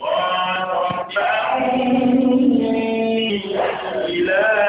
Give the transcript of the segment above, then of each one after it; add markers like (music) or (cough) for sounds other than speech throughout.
قال ربعني إلى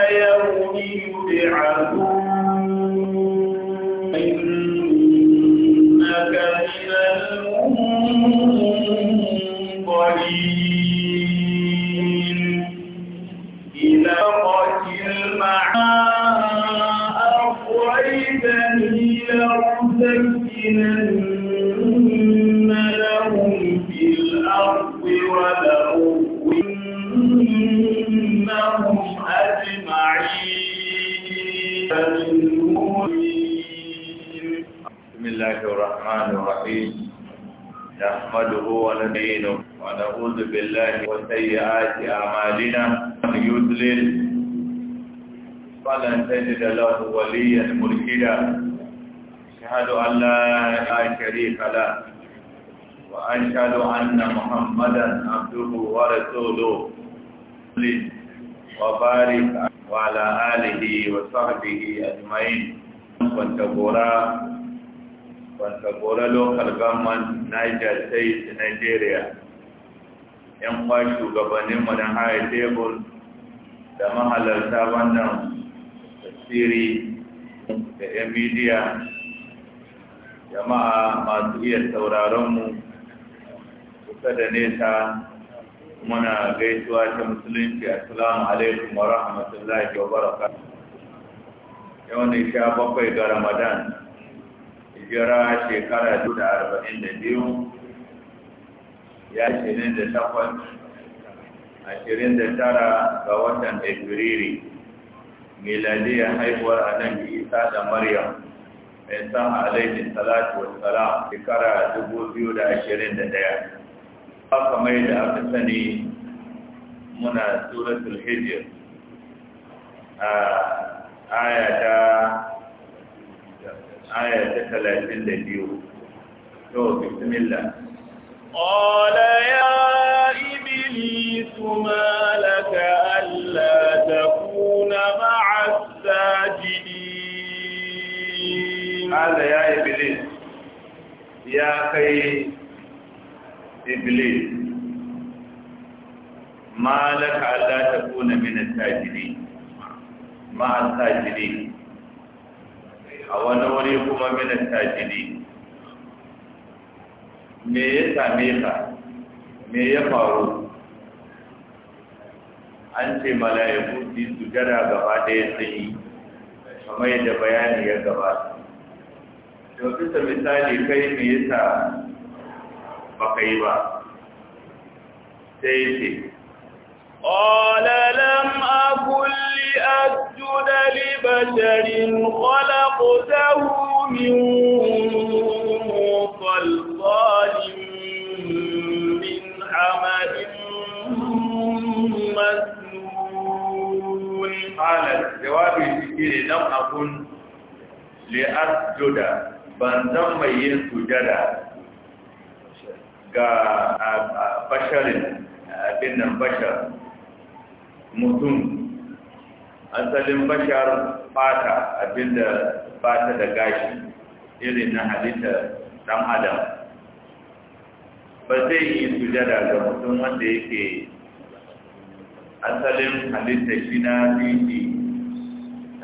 shugabanninmu na haya tebur da mahalarta wannan tasiri da 'yan midiya jama'a masu iya sauraronmu kusa da nesa muna gaisuwa ta musulunci assalamu alaikum wa rahmatullahi wa baraka yau ne sha bakwai ga ramadan hijira shekara 242 ya ce ne da takwas ashirin da tara ga watan Efiriri, miladiyar haihuwar annabi Isa da Maryam, mai san alaiki salatu Salam. shekara dubu biyu da ashirin da ɗaya. Haka mai da aka sani muna suratul hijir a ayata ayata talatin da biyu. To, bismillah. Ƙola ya ما لك ألا تكون مع الساجدين قال يا إبليس يا كي إبليس ما لك ألا تكون من الساجدين مع الساجدين أو من الساجدين me ya same ka me ya faru an ce malayaku su su gaba ɗaya sai kamar yadda bayani ya gaba da wata misali kai me yasa ba ka yi ba sai ce ƙwalalan akulli a juna libatarin ƙwalakotahu min mutu qalat jawabi shi lam akun li asjuda ban zan mai yin sujada ga basharin abin nan bashar mutum asalin bashar fata abinda fata da gashi irin na halitta dan adam ba zai yi sujada ga mutum wanda yake asalin halitta shi na fiye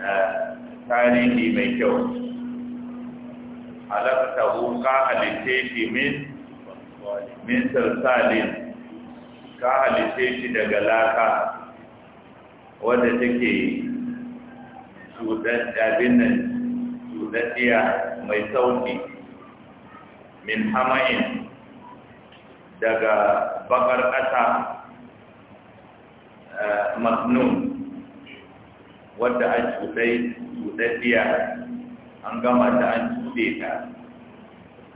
eh, tarihi mai kyau halatta ka halitta shi min min ka halitta shi daga laka wadda take abin mai sauki min hama'in daga bakar ƙasa maknun wadda an cutai cutaddiya an gama ta an cuɗe ta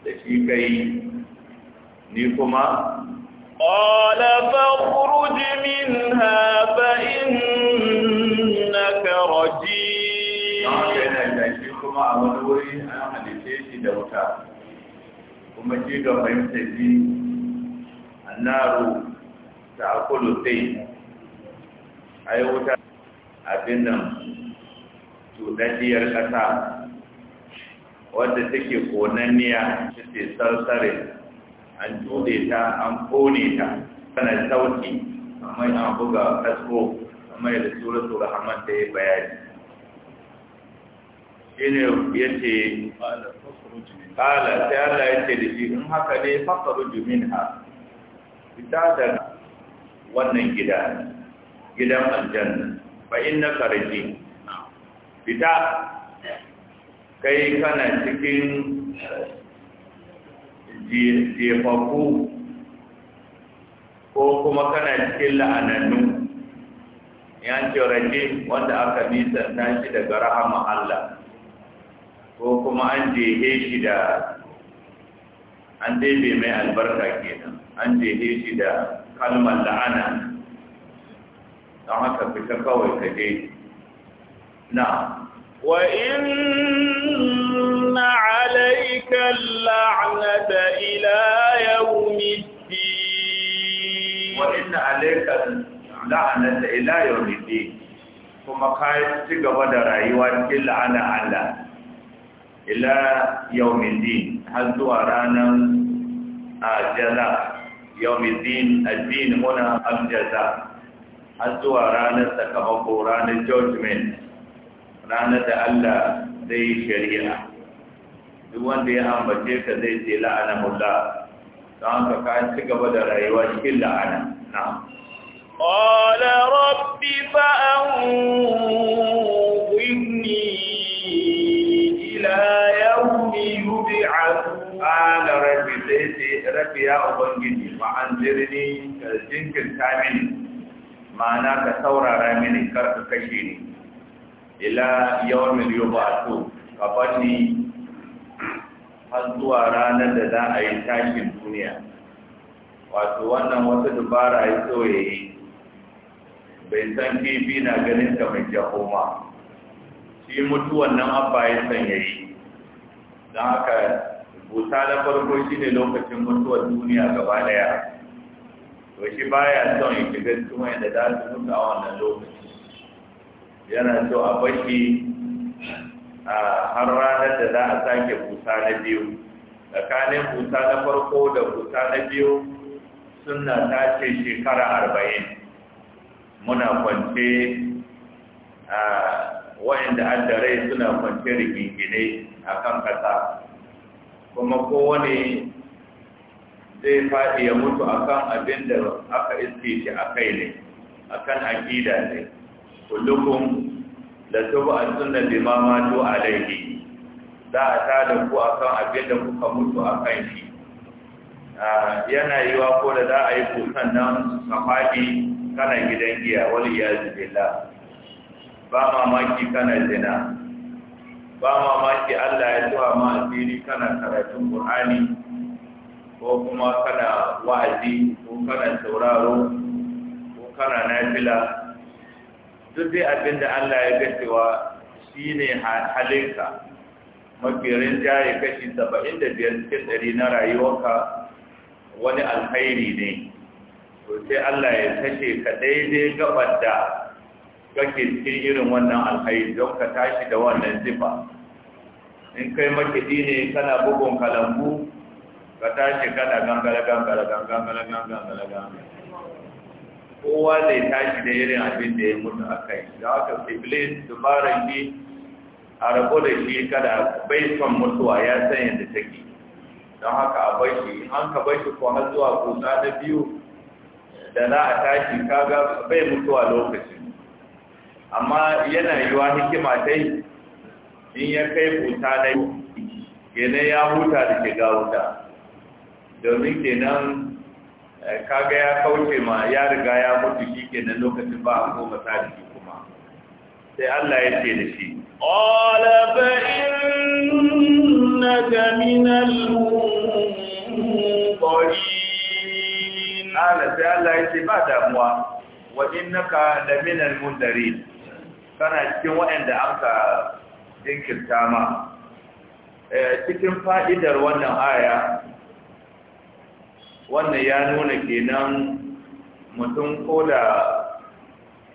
da shi kai ni kuma قال فاخرج منها فإنك shi kuma a wani wuri an halice shi da wuta kuma shi ga fahimta shi annaru ta akulu sai ai wuta abin nan cuɗaɗɗiyar ƙasa wadda take konanniya ta ce sarsare an tuɗe ta an kone ta kana sauki amma an buga kasko amma da suratu rahman ta yi bayani shine yace kala sai Allah ya ce da shi in haka ne faqaru ha fita da wannan gida gidan aljanna fa inna karaji fita kai kana cikin jefafu ko kuma kana cikin la'anannu ce raji wanda aka nisanta shi daga rahama Allah ko kuma an jehe shi da an daibe mai albarka kenan an jehe shi da kalmar la'ana don haka fita kawai ka je na wa na alayka la'anata ila yawmiddin wa inna alayka la'anata ila yawmiddin kuma ka ci gaba da rayuwa cikin la'ana Allah ila yawmiddin har zuwa ranar a ah, jaza yawmiddin addin huna al jaza har zuwa ranar sakamako ranar judgment ranar da Allah zai shari'a duk wanda ya ambace ka zai ce la'ana mulla don haka ka ci gaba da rayuwa cikin la'ana na قال رب فأنظرني إلى يوم يبعثون ala rabbi sai ce rabbi ya ubangiji ma an ka jinkirta mini ma'ana ka saurara mini kar ka kashe ni ila yawmin yub'atu ka fashi har zuwa ranar da za a yi tashin duniya wato wannan wata dubara ya so yi bai san kifi na ganin ka mai jahoma shi mutuwan nan abba ya san yi don haka buta na farko shi ne lokacin mutuwar duniya gaba daya to shi baya son ya ga cikin yadda za su mutu a wannan lokaci yana so a bashi a har ranar da za a sake busa na biyu tsakanin busa na farko da busa na biyu suna ta ce shekara arba'in muna kwance a wa'inda addarai suna kwance rigingine a kan kasa kuma kowane zai faɗi ya mutu akan abin da aka iske shi a kai ne akan aƙida ne kullukum da tuba a sunna bima matu alaihi za a tada ku akan abin da kuka mutu akan shi yana yiwa ko da za a yi kusan nan ka faɗi kana gidan giya wani iyazu billah ba mamaki kana zina ba mamaki Allah ya tuwa ma asiri kana karatun Qur'ani ko kuma kana wa'azi ko kana sauraro ko kana nafila duk dai abin da Allah ya ga cewa shi ne halinka mafirin yi kashi saba'in da biyar cikin ɗari na rayuwarka wani alkhairi ne to sai Allah ya kashe ka daidai gabar da kake cikin irin wannan alkhairi don ka tashi da wannan zifa in kai makidi ne kana bugun kalambu ka tashi kada gangara gangara gangara gangara gangara kowa zai tashi da irin abin da ya mutu a kai da haka iblis dubaran shi a rabo da shi kada bai son mutuwa ya san yadda take don haka a bai shi an ka bai shi ko har zuwa kusa na biyu da za a tashi kaga bai mutuwa lokacin amma yana yiwa hikima ta in ya kai kusa na biyu kenan ya huta da shiga wuta domin kenan eh, kaga ya kauce ma ya riga ya mutu shi kenan lokacin ba a koma sadiki kuma sai Allah ya ce da shi qala fa innaka minal munqarin ala sai Allah ya ce ba damuwa wa innaka laminal mundarin kana cikin waɗanda aka jinkirta ma eh, cikin fa'idar wannan aya wannan ya nuna kenan mutum ko da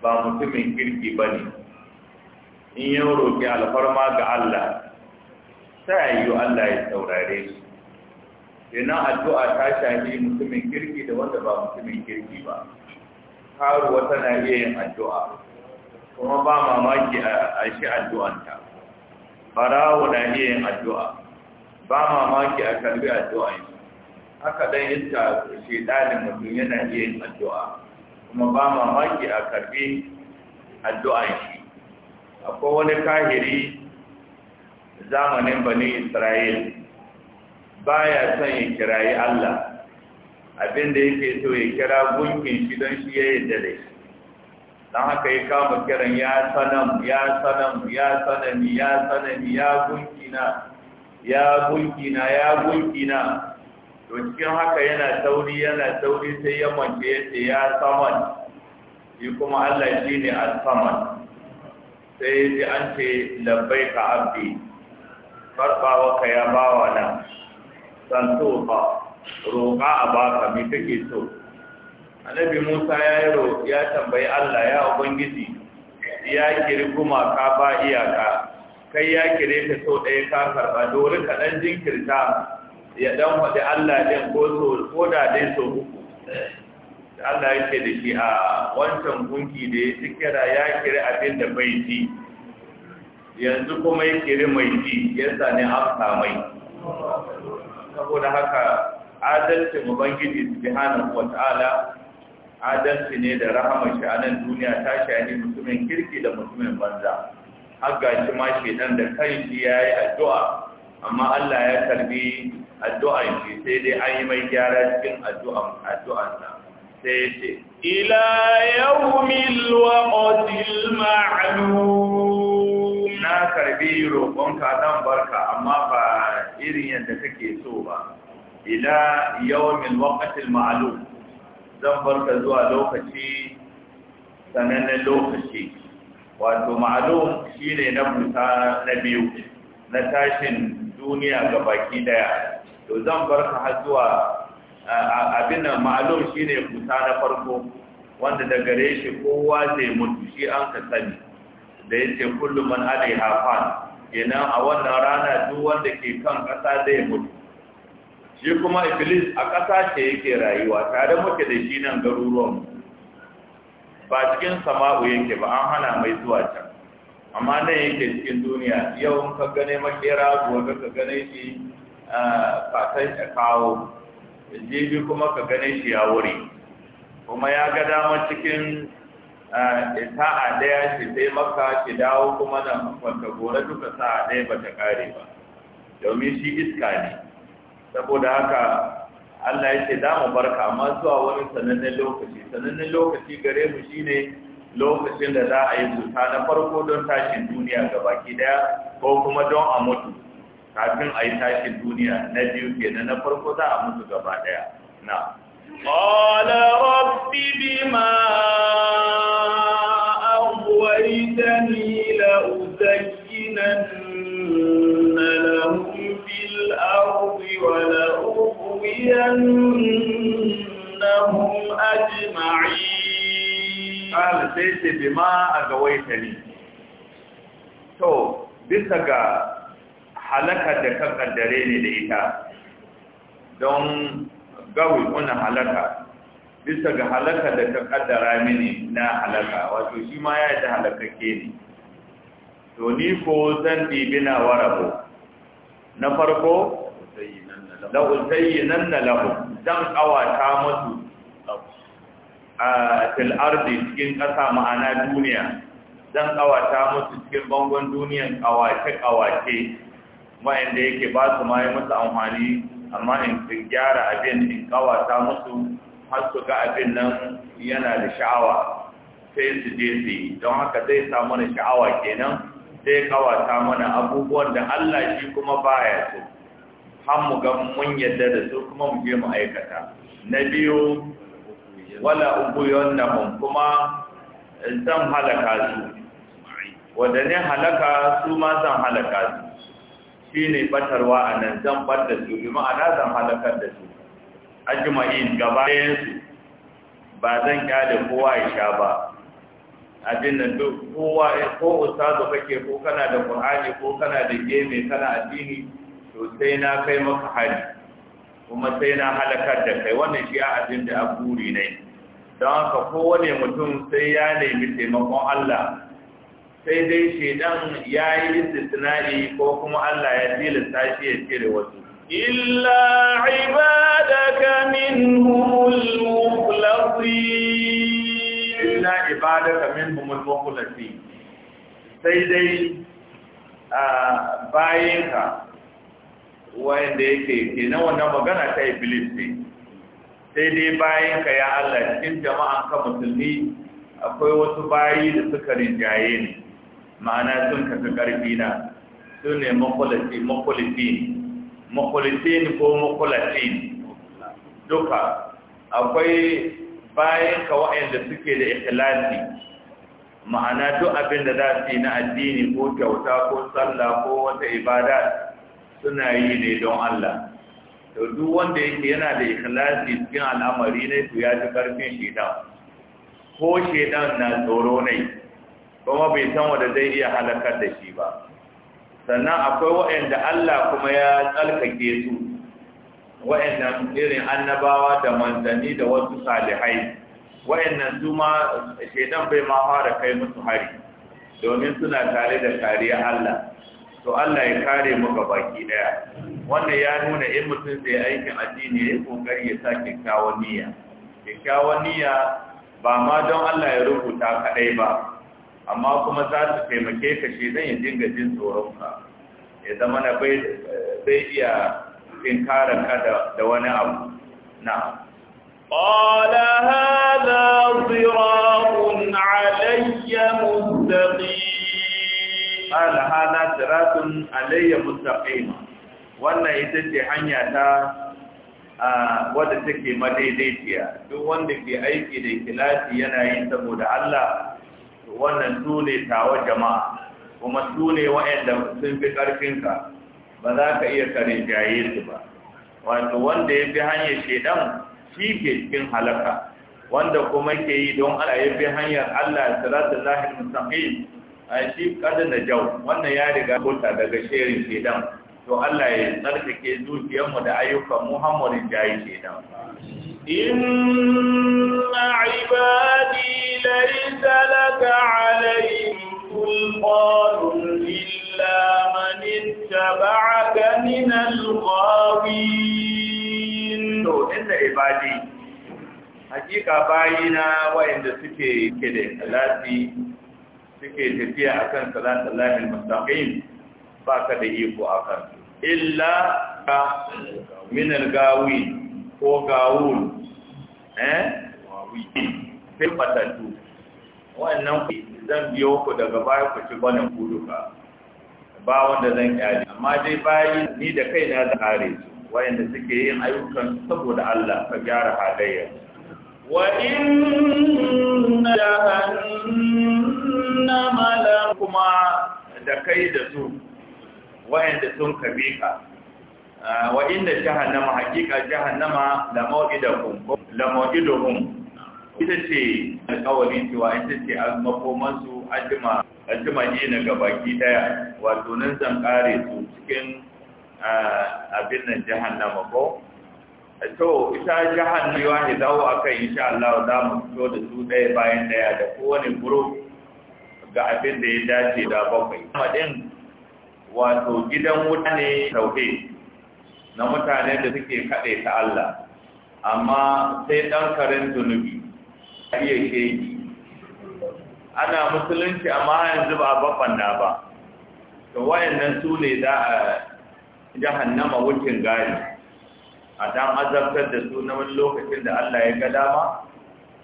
ba mutumin kirki ba ne in yau roƙi alfarma ga Allah ta yiwu Allah ya saurare shi kenan addu'a ta shafi mutumin kirki da wanda ba mutumin kirki ba karuwa tana iya yin addu'a kuma ba mamaki a shi addu'anta barawo na iya yin addu'a ba mamaki a karbi addu'a shi haka dai yadda shedanin mutum yana iya yin addu'a kuma ba mamaki a karbi addu'an shi akwai wani kahiri zamanin bani isra'il Ba ya son ya kirayi allah abinda yake so ya kira gunkin shi don shi ya yadda da don haka ya kama kiran ya sanam ya sanam ya sanami ya sanami ya gunkina ya gunkina ya gunkina to cikin haka yana sauri yana sauri sai ya mance ya ce ya saman yi kuma Allah shi ne a saman sai ce an ce labbai ka abdi farbawa ka ya wa nan so ba roƙa a baka me kake so annabi Musa ya yi ya tambayi Allah ya ubangiji ya kiri kuma ka ba iyaka kai ya kire ka so ɗaya ka karɓa dole ka ɗan jinkirta ya dan faɗi Allah din ko so ko da dai so uku Allah yake da shi a wancan gunki da ya kira ya kira abin da bai ji yanzu kuma ya kiri mai ji yasa ne amsa mai saboda haka adalcin ubangiji subhanahu wata'ala adalci ne da rahamar shi a nan duniya ta shahi mutumin kirki da mutumin banza har shi ma shedan da kai ya yi addu'a amma Allah ya karbi addu'an shi sai dai an yi mai gyara cikin addu'an addu'an sai ce ila yawmil waqtil ma'lum na karbi roƙonka dan barka amma ba irin yadda kake so ba ila yawmil waqtil ma'lum zan barka zuwa lokaci sanannen lokaci wato shi shine na buta na biyu na tashin duniya ga baki daya to zan bar ka har zuwa abin nan ma'alum shine kusa na farko wanda da gare shi kowa zai mutu shi an ka sani da yace kullu man alai hafan kenan a wannan rana duk wanda ke kan kasa zai mutu shi kuma iblis a kasa ce yake rayuwa tare muke da shi nan garuruwan ba cikin sama'u yake ba an hana mai zuwa can amma nan yake cikin duniya yau ka gane makera gobe ka gane shi fatan ya kawo jibi kuma ka gane shi ya wuri kuma ya ga dama cikin a daya, shi sai maka shi dawo kuma na wata gore duka sa a ɗaya ba ta kare ba domin shi iska ne saboda haka Allah ya ce da mu barka amma zuwa wani sanannen lokaci sanannen lokaci gare mu shine lokacin da za a yi zuta na farko don tashin duniya ga baki daya ko kuma don a mutu kafin a yi tashin duniya na biyu kenan na farko za a mutu gaba daya na قال رب بما أغويتني لأزينن لهم في الأرض ولأغوينهم أجمعين قال سيدي بما أغويتني تو bisa ga halaka da ka kaddare ne da ita don gawi kuna halaka bisa ga halaka da ka kaddara mini na halaka wato shi ma ya yi ta ke ne to ni ko zan ɗibi na warabo na farko la nan na lahu zan kawata musu a tilardi cikin ƙasa ma'ana duniya zan kawata musu cikin bangon duniyan kawace-kawace wa'anda yake ba su ma yi musu amfani amma in gyara abin in kawata musu har su ga abin nan yana da sha'awa sai su je su yi don haka zai sa mana sha'awa kenan zai kawata mana abubuwan da Allah shi kuma baya su har mu ga mun yadda da su kuma mu je mu aikata na biyu wala ubuyon nahum kuma zan halaka su wadanne halaka su ma zan halaka su shine batarwa a nan zan bar da su bi ma'ana zan halakar da su ajma'in gaba yansu ba zan kyale kowa ya sha ba abin nan duk kowa ko ustazu kake ko kana da qur'ani ko kana da geme kana addini to sai na kai maka hari kuma sai na halakar da kai wannan shi abin da a buri ne don haka kowane mutum sai ya nemi taimakon Allah sai dai shedan ya yi istisnai ko kuma Allah ya tilin tashi ya cire wasu illa ibadaka min mukhlasin illa ibadaka min mukhlasin sai dai bayinka wanda yake ke na wannan magana ta iblis ne sai dai bayanka ya Allah cikin jama'an ka musulmi akwai wasu bayi da suka rinjaye ne ma'ana sun kafi ƙarfi na su ne makulitin makulitin ko makulatin duka akwai bayan ka waɗanda suke da ikilasi ma'ana duk abin da za su na addini ko kyauta ko sallah ko wata ibada suna yi ne don Allah to duk wanda yake yana da ikhlasi cikin al'amari ne to ya ji karfin shedan ko shedan na tsoro ne kuma bai san wanda zai iya halakar da shi ba sannan akwai waɗanda Allah kuma ya tsarkake su waɗannan irin annabawa da manzanni da wasu salihai waɗannan su ma shaidan bai ma fara kai musu hari domin suna tare da kariya Allah to Allah ya kare mu ga baki daya wannan ya nuna in mutum zai aikin addini ya kokari ya sa kyakkyawan niyya kyakkyawan niyya ba ma don Allah ya rubuta kadai ba amma kuma za su taimake ka shi zan yi dinga jin tsoronka ya zama na bai iya tinkarar ka da wani abu na ƙwada haɗa zirafun alayya ƙwada zirafun alayya mustaƙi wannan ita ce hanya ta wadda take madaidaiciya duk wanda ke aiki da kilasi yana yi saboda Allah wannan su ne jama'a kuma su ne waɗanda sun fi ƙarfinka ba za ka iya kare jaye su ba wato wanda ya fi hanyar shaidan shi ke cikin halaka wanda kuma ke yi don ala ya fi hanyar Allah da lahil mustaqim a shi kada na jau wannan ya riga kota daga sherin shaidan to Allah ya tsarkake zuciyarmu da ayyukan Muhammadin jayi shaidan إن عبادي ليس لك عليهم سلطان bayina waɗanda suke ke da salati suke tafiya akan salatul lahil mustaqim baka da iko akan illa min al-gawi ko gawun eh sai fatattu wannan ku zan biyo ku daga baya ku ci banin kuduka ba wanda zan kyale amma dai bayi ni da kaina na kare su wayanda suke yin ayyukan saboda Allah ka gyara halayya wa inna jahannama la kuma da kai da su wayanda sun kabe ka Ah, wa inda jahannama hakika jahannama la mawidakum la mawqiduhum ita ce alƙawarin cewa ita ce makoman su ajima ajima ne na gabaki daya wato nan zan kare su cikin ah, abin nan jahannama ko to ita jahannama yawa ne dawo akan insha Allah za mu fito da su ɗaya bayan ɗaya da kowane group ga abin da ya dace da bakwai. din wato gidan wuta ne tauhid na mutane da suke kaɗe ta Allah amma sai ɗan karen zunubi a iya shegi ana musulunci amma yanzu ba a na ba to wayannan su ne za a jahannama wucin gari a dan azabtar da su na wani lokacin da Allah ya ga dama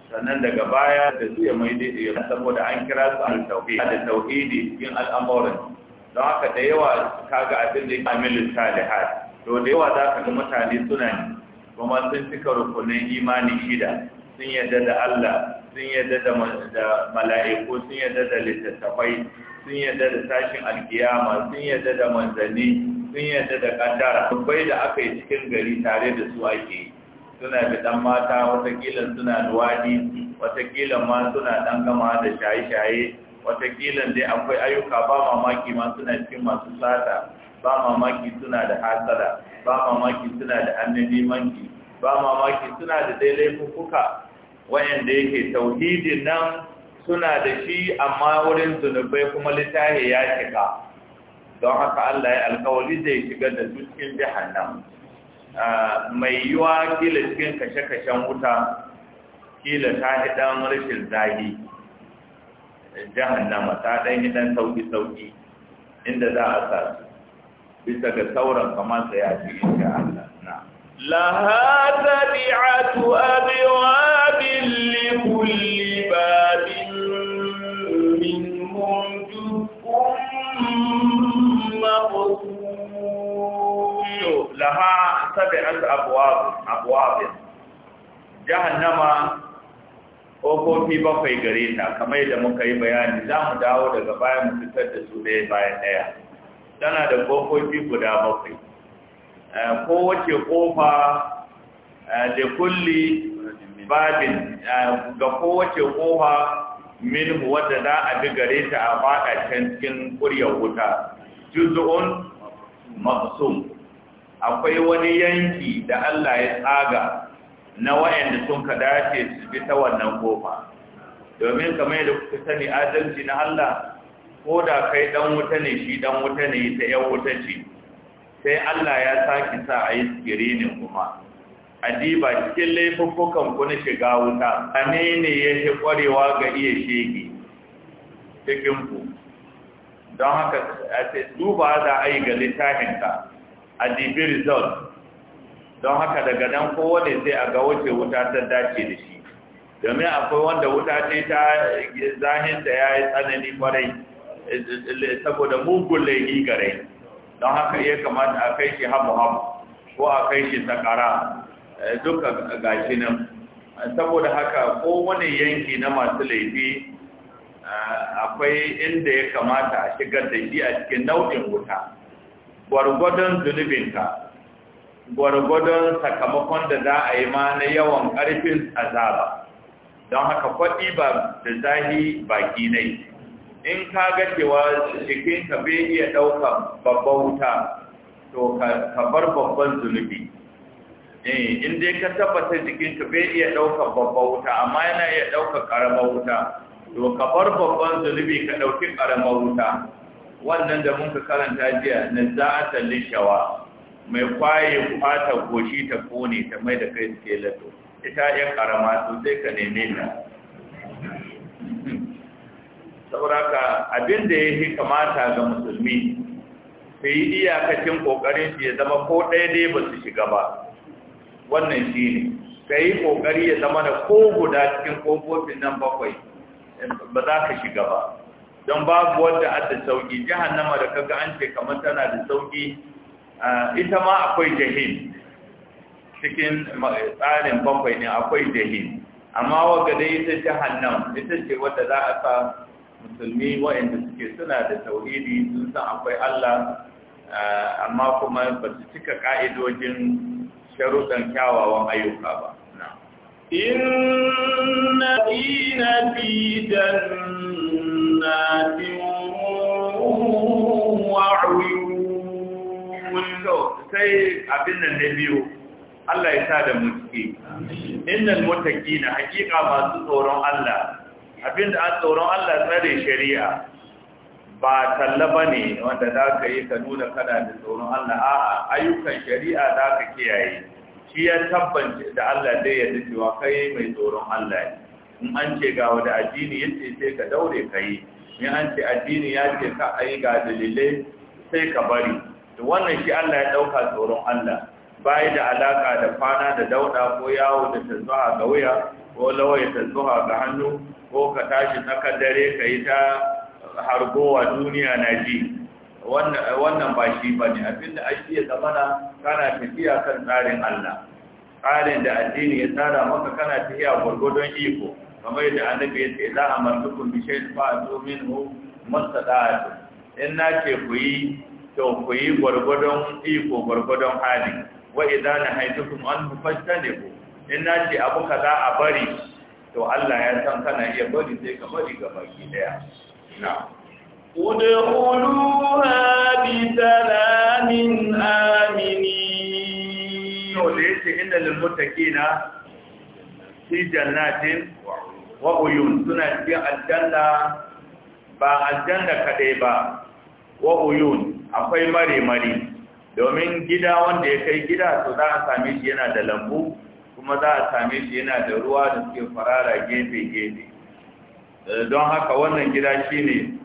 sannan daga baya da su ya mai daidai saboda an kira su al da tauhidi cikin al'amuran don haka da yawa kaga abin da ya amilu salihat to da yawa za ka ga mutane suna ne kuma sun cika rukunin imani shida sun yadda da Allah sun yadda da mala'iku sun yadda da littattafai sun yadda da sashin alkiyama sun yadda da manzanni sun yadda da kaddara bai da aka yi cikin gari tare da su ake yi suna bidan mata watakila suna luwadi watakila ma suna dan gama da shaye-shaye watakila dai akwai ayyuka ba mamaki ma suna cikin masu sata ba mamaki suna da hasala ba mamaki suna da annabi manki ba mamaki suna da daidai kuka wayanda yake tauhidin nan suna da shi amma wurin zunubai kuma littafi ya cika don haka Allah ya alkawali zai shiga da su cikin jahannam mai yiwa kila cikin kashe-kashen wuta kila ta hidan rashin zagi jahannama ta dan hidan sauki-sauki inda za a sa bisa ga sauran kamar sai a cikin ta Allah na laha tabi'atu abwabil li kulli babin minhum juz'un maqsum laha tabi'atu abwab abwab jahannama ƙofofi bakwai gare ta kamar da muka yi bayani za mu dawo daga bayan mu fitar da su ɗaya bayan ɗaya tana da kofofi guda bakwai eh, wace kofa da eh, kulli babin eh, ga kowace kofa min wadda za a bi gare ta a faɗa can cikin kuryar wuta juzu'un maksum akwai wani yanki da Allah ya tsaga na wayanda sun ka dace su bi ta wannan kofa domin kamar yadda kuka sani adalci na Allah ko da kai dan wuta ne shi dan wuta ne ta yan wuta ce sai Allah ya saki sa a yi skirinin kuma adiba cikin laifukan ku na shiga wuta ane ne ya fi kwarewa ga iya shege cikin ku don haka a duba za a yi ga littafinka adibi result don haka daga nan kowane sai a ga wuce wuta ta dace da shi domin akwai wanda wuta ce ta zahinta ya yi tsanani kwarai saboda mugun laifi gare don haka iya kamata a kai shi hamu-hamu ko a kai shi sakara eh, duka gashi nan saboda haka ko wani yanki na masu laifi eh, akwai inda ya kamata a shigar da shi a cikin nau'in wuta gwargwadon zunubinka gwargwadon sakamakon da za a yi ma na yawan ƙarfin azaba don haka kwaɗi ba da zahi baki nai in ka ga cewa jikinka bai iya ɗauka babban wuta to ka bar babban zunubi eh, in dai ka tabbata jikinka bai iya ɗauka babban wuta amma yana iya ɗauka ƙaramar wuta to ka bar babban zunubi ka ɗauki ƙaramar wuta wannan da mun ka karanta jiya na za'atan shawa. mai kwaye fata goshi ta kone ta mai da kai suke lato ita ya ƙarama to ka neme ta sauraka abin da ya fi kamata ga musulmi ka yi iyakacin ƙoƙarin shi ya zama ko ɗaya dai ba su shiga ba wannan shi ne ka yi kokari ya zama da ko guda cikin ƙofofin nan bakwai eh, ba za ka shiga ba don babu wadda da sauƙi jahannama da kaga an ce kamar tana da sauƙi ita ma akwai jahil cikin eh, tsarin bakwai ne akwai jahil amma wa dai ita nan ita ce wadda za a sa musulmi waɗanda suke suna da tauhidi sun san akwai Allah eh, amma kuma ba su cika ka'idojin sharuɗan kyawawan ayyuka ba inna dina fi jannatin wa'uyun sai abin nan na biyu Allah ya sa da mu Innan innal na haqiqa masu tsoron Allah Abin da an tsoron Allah tsare shari'a ba talla ba ne wanda za ka yi ka nuna kana da tsoron Allah a ayyukan shari'a za ka kiyaye shi ya tabbance da Allah dai ya cewa kai mai tsoron Allah in an ce ga wanda addini ya ce sai ka daure ka yi in an ce addini ya ce ka a ga dalilai sai ka bari to wannan shi Allah ya ɗauka tsoron Allah yi da alaka da kwana da dauɗa ko yawo da tazuwa ga wuya ko lawai tazuwa ga hannu ko ka tashi tsakar dare ka yi ta hargowa duniya na ji wannan ba shi ba ne abinda ake iya zamana kana tafiya kan tsarin Allah tsarin da addini ya tsara maka kana tafiya gwargwadon iko kamar yadda annabi ya ce za a martukun bishe zo domin hu masadatu in na ce ku yi to ku yi gwargwadon iko gwargwadon hali wa idan na haitukum an ku fasta ne ku in na ce abu kaza a bari to Allah ya san kana iya bari sai ka bari ga baki daya na udkhuluha bi salamin amini to da shi inda lil muttaqina fi jannatin wa uyun suna cikin aljanna ba aljanna kadai ba wa uyun akwai mare mare domin gida wanda ya kai gida to za a same shi yana da lambu kuma za a same shi yana da ruwa da suke farara gefe-gefe eh, don haka wannan gida shi ne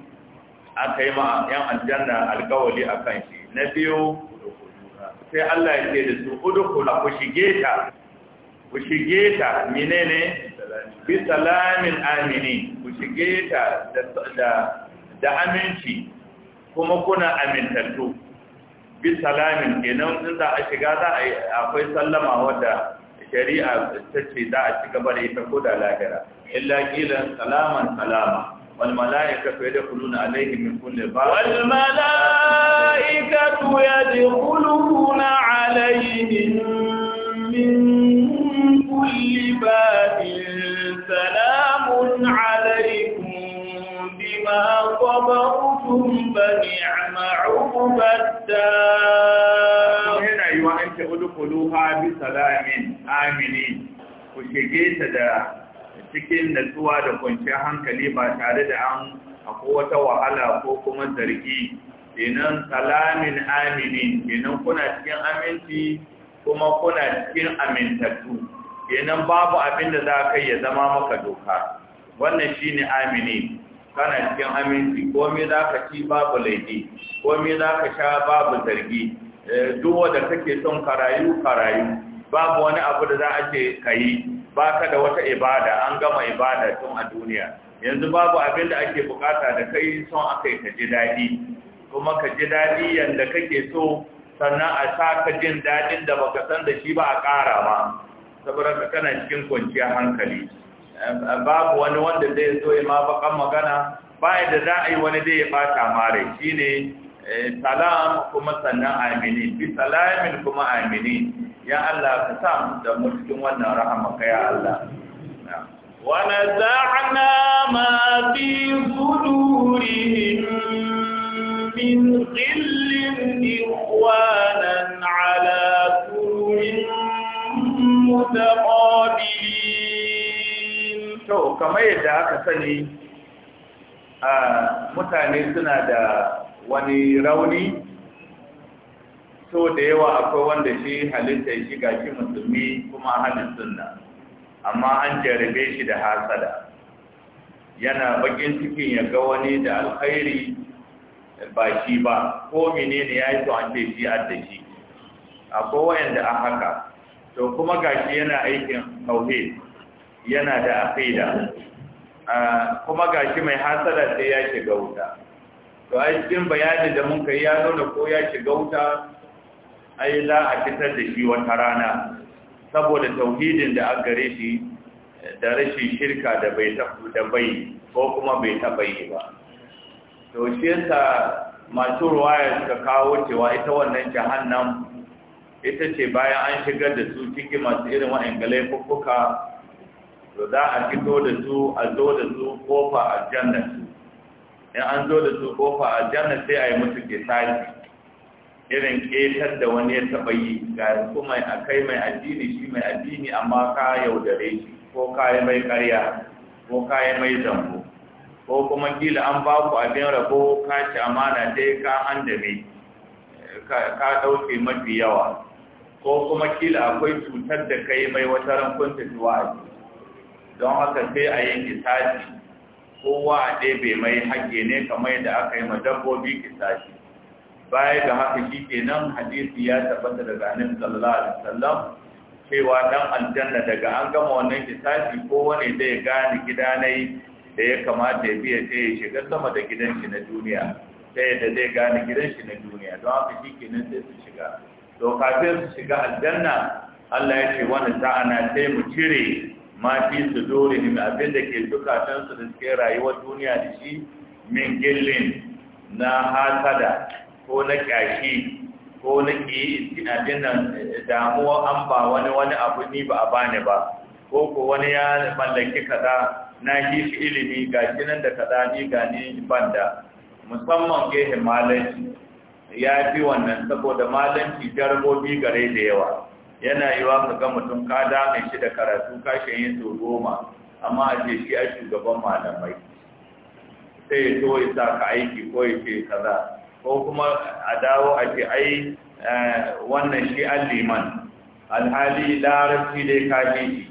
aka yi ma 'yan aljanna alkawali a kan shi na biyu sai Allah ya ce da su kula ku shige ta ku shige ta ne bi salamin amini ku shige ta da aminci kuma kuna amintattu bi salamin kenan in za a shiga za a akwai sallama wadda shari'a ta ce za a ci gaba da ita ko da lahira illa qilan salaman salama wal mala'ikatu yadkhuluna alayhim min kulli bab wal mala'ikatu yadkhuluna alayhim min kulli bab salamun صبرتم فنعم عقب الدار هنا يوا انت ادخلوها بسلام امنين ku shige ta da cikin natsuwa da kwanciyar hankali ba tare da an akwai wata wahala ko kuma zargi kenan salamin aminin kenan kuna cikin aminci kuma kuna cikin amintattu kenan babu abin da za ka ya zama maka doka wannan shine amini kana cikin aminci me za ka ci babu laifi me za ka sha babu zargi eh, duk wanda kake son karayu karayu babu wani abu da za a ce ka yi ba ka da wata ibada an gama ibada tun a duniya yanzu babu abin da ake bukata da kai son aka yi ka ji daɗi kuma ka ji daɗi yadda kake so sannan a sa ka jin daɗin da baka san da shi ba a ƙara ma saboda kana cikin kwanciyar hankali Eh, babu wani wanda zai zo ya ma bakan magana bayan da za a yi wani zai ya bata mare shi ne eh, salam kuma sannan amini bi salamin kuma amini ya Allah ka sa da mu cikin wannan rahamaka ya Allah wa naza'na ma fi sudurihim min qillin ikhwanan ala surin kamar yadda aka sani a mutane suna da wani rauni so da yawa akwai wanda shi halitta shi gaki shi musulmi kuma halin sunna amma an jarabe shi da hasada yana bakin cikin ya ga wani da alkhairi ba shi ba ko menene ya yi to an ce shi adda shi akwai wayanda a haka to kuma gashi yana aikin tauhid yana da aqida kuma gashi mai hasada sai ya shiga wuta to a cikin bayani da mun kai ya nuna ko ya shiga wuta ai za a fitar da shi wata rana saboda tauhidin da aka gare shi da rashin shirka da bai da bai ko kuma bai taɓa yi ba to shi yasa masu ruwaya suka kawo cewa ita wannan jahannam ita ce bayan an shigar da su ciki masu irin wa'in galai to za a fito da su a zo da su kofa a su in an zo da su kofa aljanna sai a yi musu kisasi irin ƙetar da wani ya taɓa yi ga su mai a kai mai addini shi mai addini amma ka yaudare shi ko ka yi mai ƙarya ko ka yi mai zambo ko kuma kila an ba ku abin rabo ka ci amana dai ka handame ka ɗauke mafi yawa ko kuma kila akwai cutar da ka yi mai wata rankun tafiwa a don haka sai a yi kisashi kowa a ɗebe mai haƙe ne kamar da aka yi ma dabbobi kisashi baya ga haka shi nan hadisi ya tabbata daga anin sallallahu alaihi wasallam cewa dan aljanna daga an gama wannan kisashi kowane zai gane gida yi da ya kamata ya biya sai ya shiga sama da gidan shi na duniya sai da zai gane gidan shi na duniya don haka shi nan sai su shiga to kafin su shiga aljanna Allah ya ce wani na sai mu cire ma fi su dole ne abin da ke zukatansu da suke rayuwar duniya da shi min gillin na hasada ko na kyashi ko na ke abin nan damuwa an ba wani wani abu ni ba a bani ba ko ko wani ya mallaki kaza na shi shi ilimi ga gidan da kaza ni ga ni banda musamman ke malanci ya fi wannan saboda malanci jargobi gare da yawa yana yi wa ka ga mutum ka dame shi da karatu ka shi yin sau goma amma a ce shi a shugaban malamai sai ya so sa ka aiki ko ya ce kaza ko kuma a dawo a ce ai eh, wannan shi an liman alhali larabci dai ka shi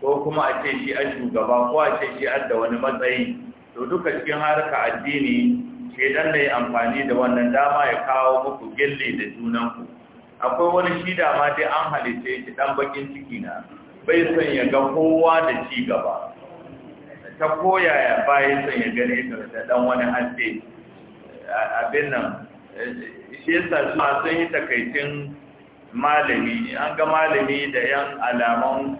ko kuma a ce shi a shugaba ko a ce shi an da wani matsayi to duka cikin harka addini dan da ya amfani da wannan dama ya kawo muku gilli da junanku akwai wani shida ma dai an halitta shi dan bakin ciki na bai son ya ga kowa da ci gaba ta ya bai son ya gane ka da dan wani haske abin nan eh, shi yasa su sun yi takaicin malami an ga malami da yan alaman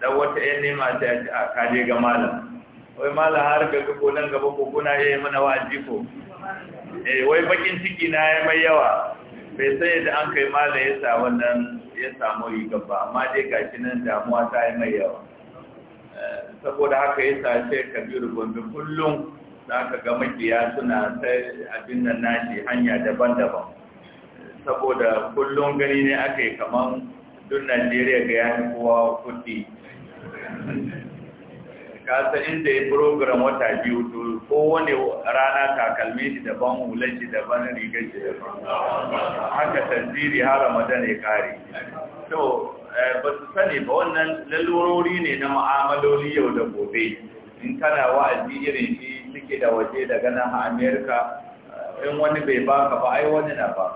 da wata yan nema ta yi a kaje ga malam wai malam har ga ko nan gaba ko kuna iya yi mana wa'azi ko eh wai bakin ciki na ya mai yawa bai sai da an kai mala ya sa wannan ya samu rigar ba amma dai ga shi nan damuwa ta yi mai yawa eh, saboda haka ya sa ce kabiru gombe kullum za ka ga makiya suna ta abin nan nashi hanya daban-daban saboda kullum gani ne aka yi kamar duk najeriya ga ya kowa kuɗi kasa inda ya program wata biyu to kowane rana takalmi shi daban hulan shi daban rigar shi daban haka tasiri har ramadan ya kare to eh, ba su sani ba wannan lalurori ne na ma'amaloli yau da gobe in kana wa'azi irin shi suke da waje daga nan a amerika eh, in wani bai baka ba ai wani na ba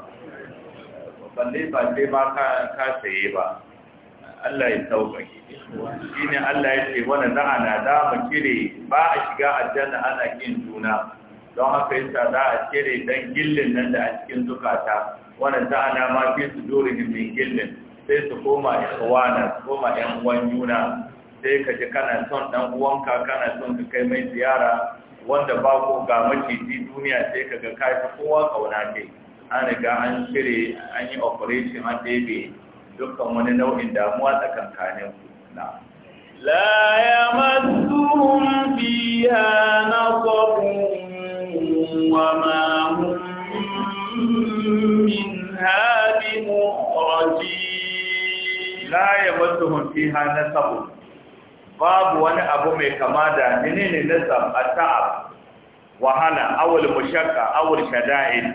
balle ba sai ba ka saye ba Allah ya sauƙaƙe shi ne Allah ya ce wani za a nada mu ba a shiga aljanna ana kin juna don haka yasa za a kire dan gillin nan da a cikin zukata wani za a ma fi su dore min gillin sai su koma su koma yan uwan juna sai ka ji kana son dan uwanka kana son ka kai mai ziyara wanda ba ko ga maciji duniya sai ka ga kai kowa kauna ne. an riga an cire an yi operation an ɗebe dukkan wani nau'in damuwa tsakankanin ku na la yamassuhum fiha nasabun wa ma hum minha fiha babu wani abu mai kama da ne na ata'ab wahala awul mushakka awul shada'id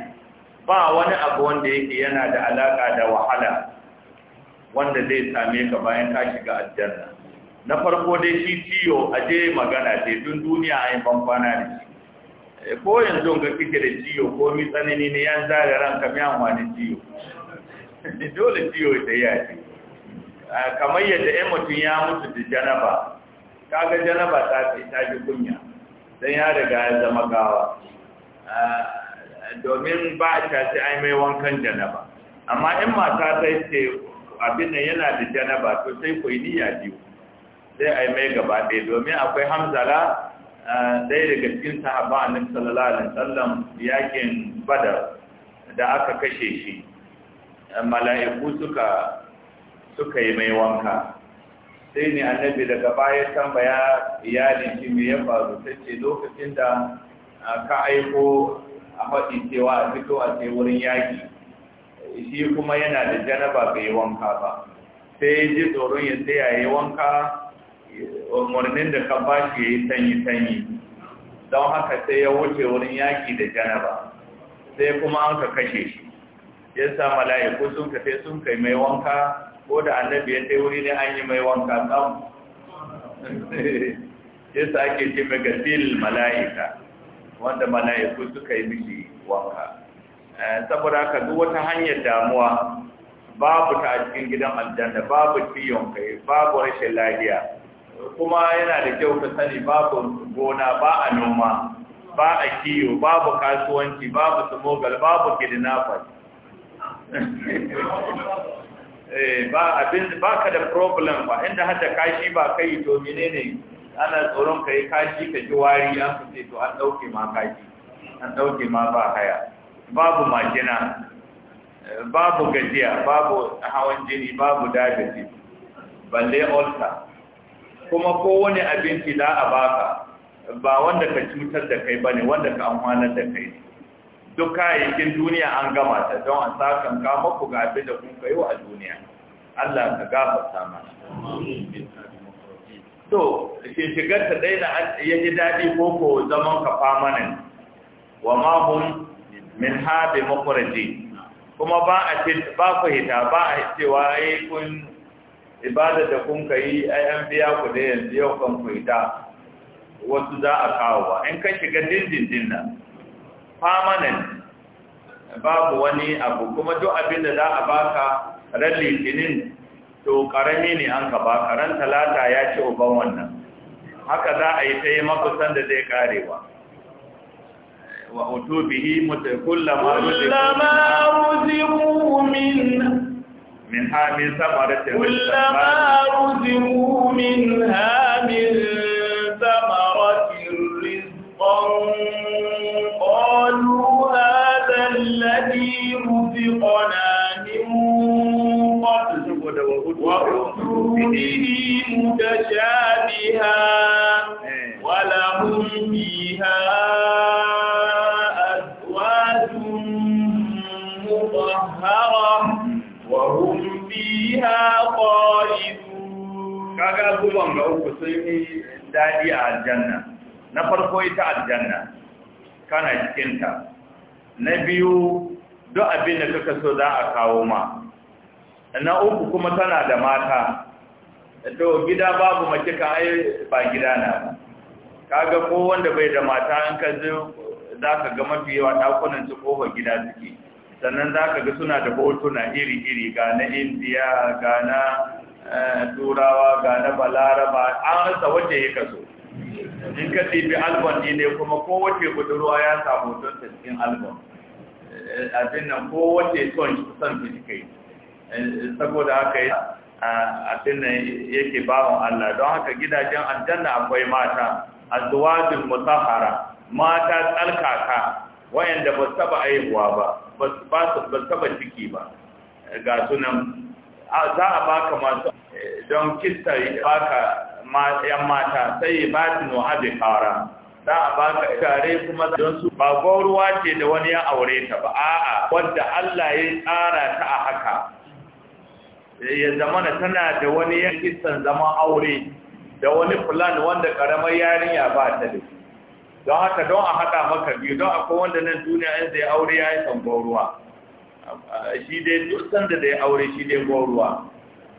ba wani abu wanda yake yana da alaka da wahala wanda zai same ka bayan ka shiga aljanna na farko dai shi ciyo a je magana ce dun duniya a yi bankwana da shi eh, ko yanzu ga kike da ciyo ko mi tsanani ne yan zare ranka mi amfani ciyo (laughs) dole ciyo da ya ce kamar yadda yan mutum ya mutu da janaba kaga janaba ta ce ta ji kunya don ya riga ya zama gawa domin ba ta ce ai mai wankan janaba amma in mata sai ce abin nan yana da janaba to sai ku yi niyya biyu sai ai mai gaba ɗaya domin akwai hamzala ɗaya daga cikin sahaba a nan sallallahu alaihi wasallam yakin badar da aka kashe shi mala'iku suka suka yi mai wanka sai ne annabi daga baya tambaya iyalin shi me ya faru ta ce lokacin da ka aiko a faɗi cewa a fito a ce wurin yaƙi shi kuma yana da janaba bai wanka ba sai ya ji tsoron ya tsaya ya yi wanka umarnin da ka ba shi ya yi sanyi-sanyi don haka sai ya wuce wurin yaƙi da janaba sai kuma an ka kashe shi ya sa mala'iku sun ka sai sun kai mai wanka ko da annabi ya sai wuri ne an yi mai wanka tsam (laughs) ya sa ake ce mai mala'ika wanda mala'iku suka yi mishi wanka Eh, saboda haka duk wata hanyar damuwa babu ta a cikin gidan aljanna babu ciyon kai babu rashin lafiya kuma yana da kyau ka sani babu gona ba a noma ba a kiyo babu kasuwanci babu smogal babu kidnappers (laughs) eh, ba abin ba ka da problem ba inda hada kashi ba kai to menene ana tsoron kai kashi ka ji wari an fice to an dauke ma kashi an dauke ma ba haya babu majina babu gajiya babu hawan jini babu dajiji balle ulcer kuma kowane abinci da a baka ba wanda ka cutar da kai bane wanda ka amfanar da kai duk kayayyakin duniya an gama ta don an sakan ka muku ga abin da kun kai a duniya Allah ka gafarta mana to shi shigar ta daina ya ji daɗi ko ko zaman ka famanin wa ma hum min haɓe makwaraje kuma ba a ba ku hita ba a cewa ai kun ibada da kun ka yi ai an biya ku da yanzu yau kan ku hita wasu za a kawo ba in ka shiga dindindin nan permanent babu wani abu kuma duk abin da za a baka ran litinin to karami ne an ka baka ran talata ya ce uban wannan haka za a yi ta yi makusan da zai karewa وأتوا به كلما رزقوا من منها من ثمرة ما رزقوا منها من ثمرة رزقا قالوا هذا الذي رزقنا من قبل وأتوا به متشابها إيه. ولهم فيها سهرة وهم فيها خالدون كاغا غوبان ga uku sun yi dadi a aljanna na farko ita aljanna kana cikin ta na biyu duk abin da kaka so za a kawo ma na uku kuma tana da mata to gida babu mace kan ai ba gida na ba kaga ko wanda bai da mata an ka zo za ka ga mafi yawa ɗakunan su kofar gida suke sannan za ka ga suna da hotuna iri-iri ga na indiya ga na eh, turawa ga na balaraba an hasa wacce ya kaso in ka tifi albon ne kuma kowace budurwa ya samu hotonsa cikin albon eh, abin nan kowace son son kai saboda haka yi abin nan yake bawon Allah don haka gidajen aljanna akwai mata azwajin mutahara mata tsalkaka wayanda ba su taba aihuwa ba ba su ciki ba ga sunan za a baka masu eh, don kista baka yan mata sai ba batinu haɗe kara za a baka tare kuma don su ba gwauruwa ce da wani ya aure ta ba a'a wadda Allah ya tsara ta a haka eh, ya zamana tana da wani yan kistan zaman aure da wani plan wanda karamar yarinya ba ta da don haka don a haɗa maka biyu don akwai wanda nan duniya in zai aure ya yi sambon ruwa shi dai duk sanda da ya aure shi dai gon ruwa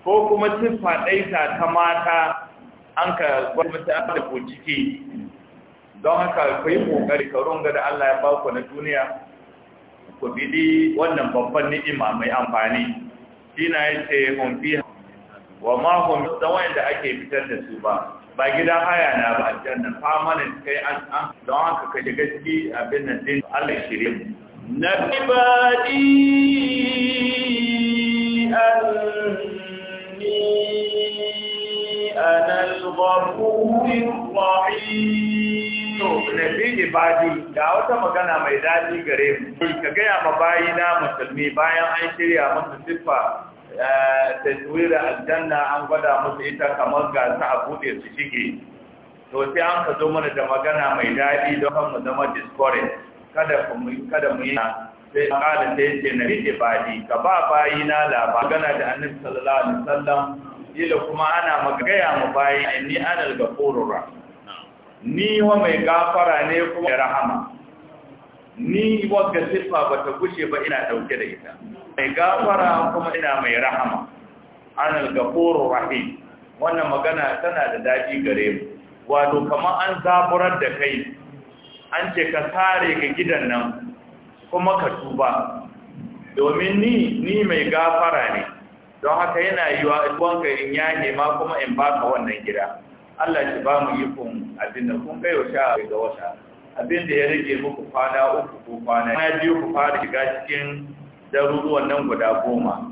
ko kuma siffa ɗaita ta mata an ka gwamnati an da ko ciki don haka ku yi ƙoƙari ka runga da Allah ya ba ku na duniya ku bidi wannan babban ni'ima mai amfani shi na yace hun fi wa ma hum da wanda ake fitar da su ba ba gidan haya na ba aljanna permanent kai an an don haka ka ji ciki abin nan din Allah shirye mu na ibadi anni ana al-ghafurur rahim na nabi badi ga wata magana mai daɗi gare mu ka gaya ma bayina musulmi bayan an shirya masa siffa Eh, taswirar aljanna an gwada musu ita kamar gasa a bude su shige to sai an ka zo mana da magana mai daɗi don kan mu zama discourage kada mu kada mu yi sai kada sai ce na rike badi ka ba bayi na labar magana da annabi sallallahu alaihi wasallam ila kuma ana magaya mu bayi ni anal ghafurur rahim ni wa mai gafara ne kuma rahama ni wa ga sifa bata gushe ba ina dauke da ita mai gafara kuma ina mai rahama anal gafuru rahim wannan magana tana da daɗi gare mu wato kamar an zaburar da kai an ce ka sare ga gidan nan kuma ka tuba domin ni ni mai gafara ne don haka yana yiwa wanka in yahe ma kuma in baka wannan gida Allah shi ba mu kun abin kun kai wata ga wata abin ya rage muku kwana uku ko kwana ya biyu ku fara shiga cikin daruruwan nan guda goma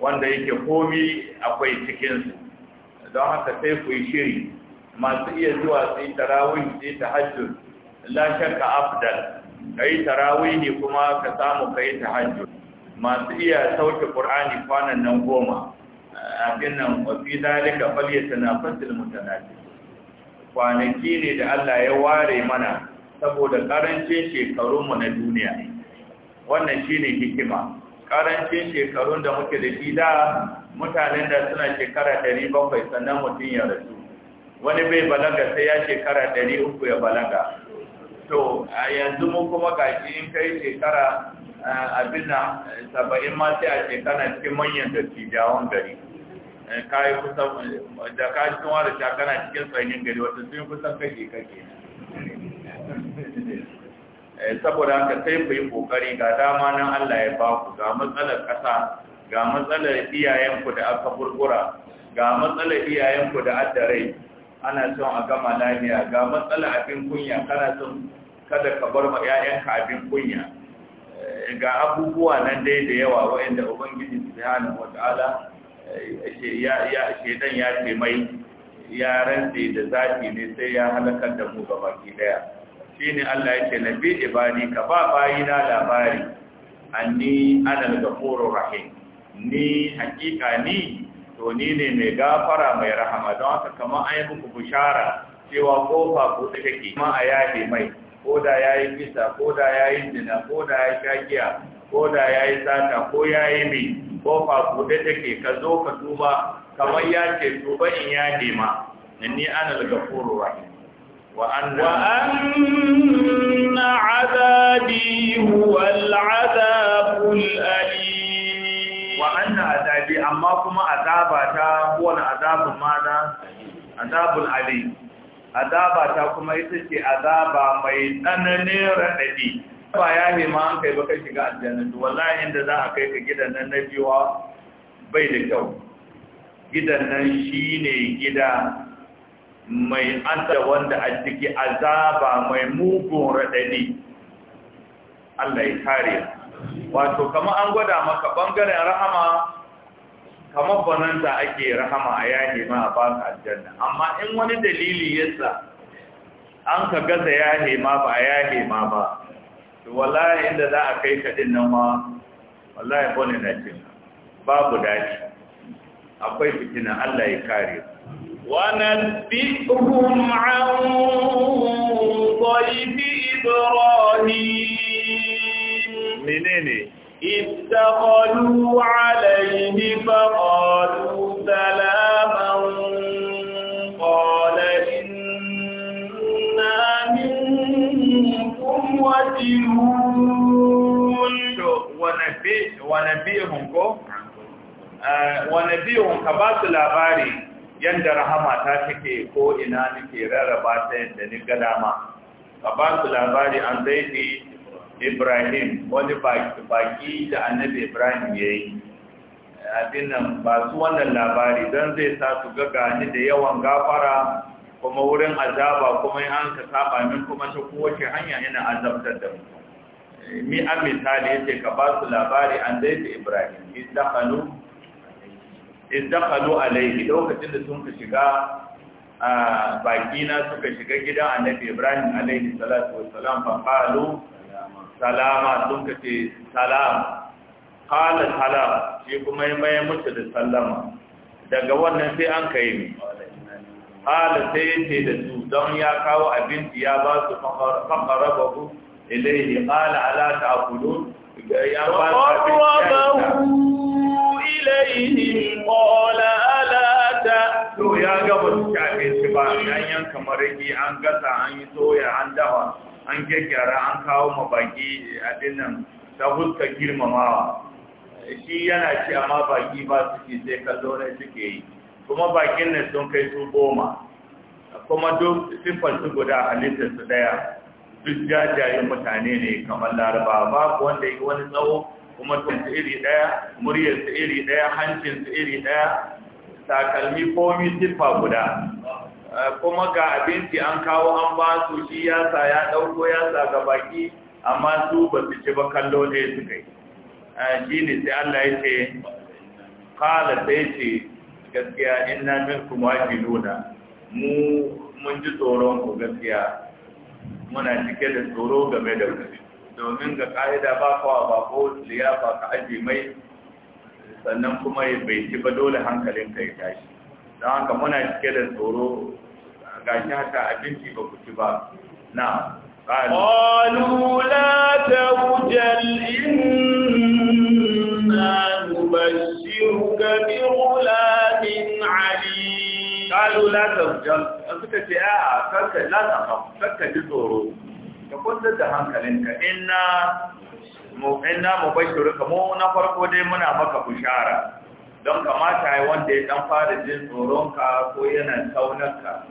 wanda yake komi akwai cikinsu don haka sai ku yi shiri masu iya zuwa su yi tarawih su yi tahajjud la shakka afdal ka yi tarawih kuma ka samu ka yi tahajjud masu iya sauke qur'ani kwanan nan goma a nan wa fi dalika falyatanafasul mutanafis kwanaki ne da Allah ya ware mana saboda karancin shekarunmu na duniya wannan shi ne hikima karancin shekarun da muke da shi da mutanen da suna shekara bakwai sannan mutum ya rasu wani bai balaga sai ya shekara uku ya balaga to a yanzu mu kuma gashi in kai shekara abin da saba'in ma sai a shekara cikin manyan dattijawan gari eh, kayi kusan da kashin wa da shakana cikin tsanin gari wata sun kusan kake kake Eh, saboda ka sai ku yi kokari ga dama nan Allah ya ba ku ga matsalar ƙasa ga matsalar iyayenku da aka burgura ga matsalar iyayenku da addare ana son a gama lafiya ga matsalar abin kunya kana son kada ka bar ma ka abin kunya eh, ga abubuwa nan dai da yawa waɗanda ubangiji subhanahu wataala eh, ya ya dan ya ce mai ya rantsi da zafi ne sai ya halakar da mu gabaki daya shine Allah yake nabi ibadi ka ba bayina labari anni al ghafurur rahim ni hakika ni to ni ne mai gafara mai rahama don haka kamar an yi muku bishara cewa kofa ko take ma a mai ko da yayi bisa ko da yayi zina ko da yayi shakiya ko da yayi sata ko yayi mai kofa ko take ka zo ka duba, kamar yake tuba in yafe ma ana al ghafurur rahim وأن, وأن عذابي هو العذاب الأليم وأن عذابي أما كما عذابتا هو العذاب ماذا عذاب الأليم عذابتا كما يتشي عذابا ميتنني رأيدي ba ya nema an kai baka shiga aljanna wallahi inda za a kai ka gidan nan na biwa bai da kyau gidan nan shine gida mai anta wanda a ciki azaba mai mugun raɗaɗi Allah ya kare wato kama an gwada maka ɓangaren rahama kamar da ake rahama a yahe ma a baka aljanna amma in wani dalili yasa an ka gaza yahe ma ba a ma ba to wallahi inda za a kai ka din nan ma wallahi bane na cin babu daji. akwai fitina Allah ya kare ku ونبئهم عن ضيف إبراهيم منين إذ دخلوا عليه فقالوا سلاما قال إنا منكم وجلون ونبئهم آه، ونبئهم ka ba yanda rahama ta take ko ina nake rarraba ta yadda ni ga dama a ba su labari an zaifi ibrahim wani baki da annabi ibrahim ya yi abin nan ba su wannan labari don zai sa su ga gani da yawan gafara kuma wurin azaba kuma an ka saba min kuma ta kowace hanya yana azabtar da mu eh, mi an misali yace ka ba su labari an zaifi ibrahim izdakalu alaihi lokacin da sun ka shiga bakina suka shiga gidan annabi ibrahim alaihi salatu wassalam fa qalu salama sun ka ce salam qala salam shi kuma mai mutu da sallama daga wannan sai an kai ni. qala sai ce da su don ya kawo abinci ya ba su faqarabahu ilayhi qala ala ta'kulun ya ba su ilayhi Wala ala ta'tu ya ga ba su shafe shi ba an yanka marigi an gasa an yi soya an dawa, an gyaggyara an kawo mabaki a dinnan ta huska girmamawa shi yana ci amma baki ba su ke sai ka ne suke yi kuma bakin nan sun kai su goma kuma duk siffar su guda halittar su daya duk jajayen mutane ne kamar laraba babu wanda yi wani tsawo umarcinsa iri ɗaya muryarsa iri ɗaya hancinsa iri ɗaya takalmi komi siffa guda eh, kuma ga abinci an kawo an ba su shi yasa ya ɗauko yasa ga baki amma su ba su ci ba kallo ne su kai eh, shi ne sai Allah ya ce kala sai ce gaskiya na min kuma ki nuna mu mun ji tsoron ku gaskiya muna cike da tsoro game da ku domin ga ƙa'ida ba kawa bako liyafa ka aji mai sannan kuma bai ci ba dole hankalin ka ya tashi don haka muna cike da tsoro shi haka abinci ba ku ci ba na قالوا لا توجل إنا نبشرك بغلام عليم قالوا لا توجل suka ce a karka lasa kakka ji tsoro ka kwantar da hankalinka ina mu inna mubashiruka mu na farko dai muna maka bushara don kamata ya wanda ya dan fara jin tsoronka ko yana taunarka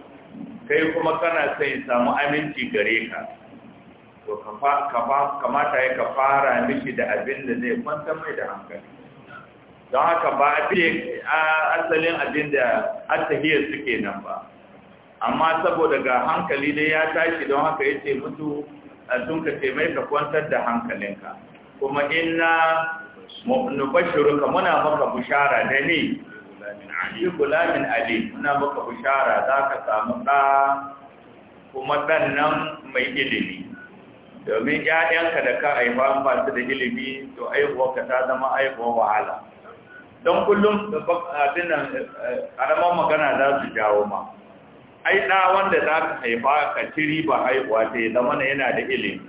kai kuma kana son samu aminci gare ka to kamata ya ka fara mishi da abin da zai kwantar mai da hankali don haka ba a fi asalin abin da attahiyar suke nan ba amma saboda ga hankali dai ya tashi don haka yace mutu a ka ce mai ka kwantar da hankalinka kuma inna ka muna maka bushara da ne shi gulamin ali muna maka bushara za ka samu ɗa kuma ɗan nan mai ilimi domin ‘ya'yanka da ka aifa ba su da ilimi to aihuwa ka ta zama aihuwa wahala don kullum abin nan eh, eh, ƙaramar magana za su jawo ma ai da wanda za ka haifa ka ciri ba haihuwa ta yi zama yana da ilimi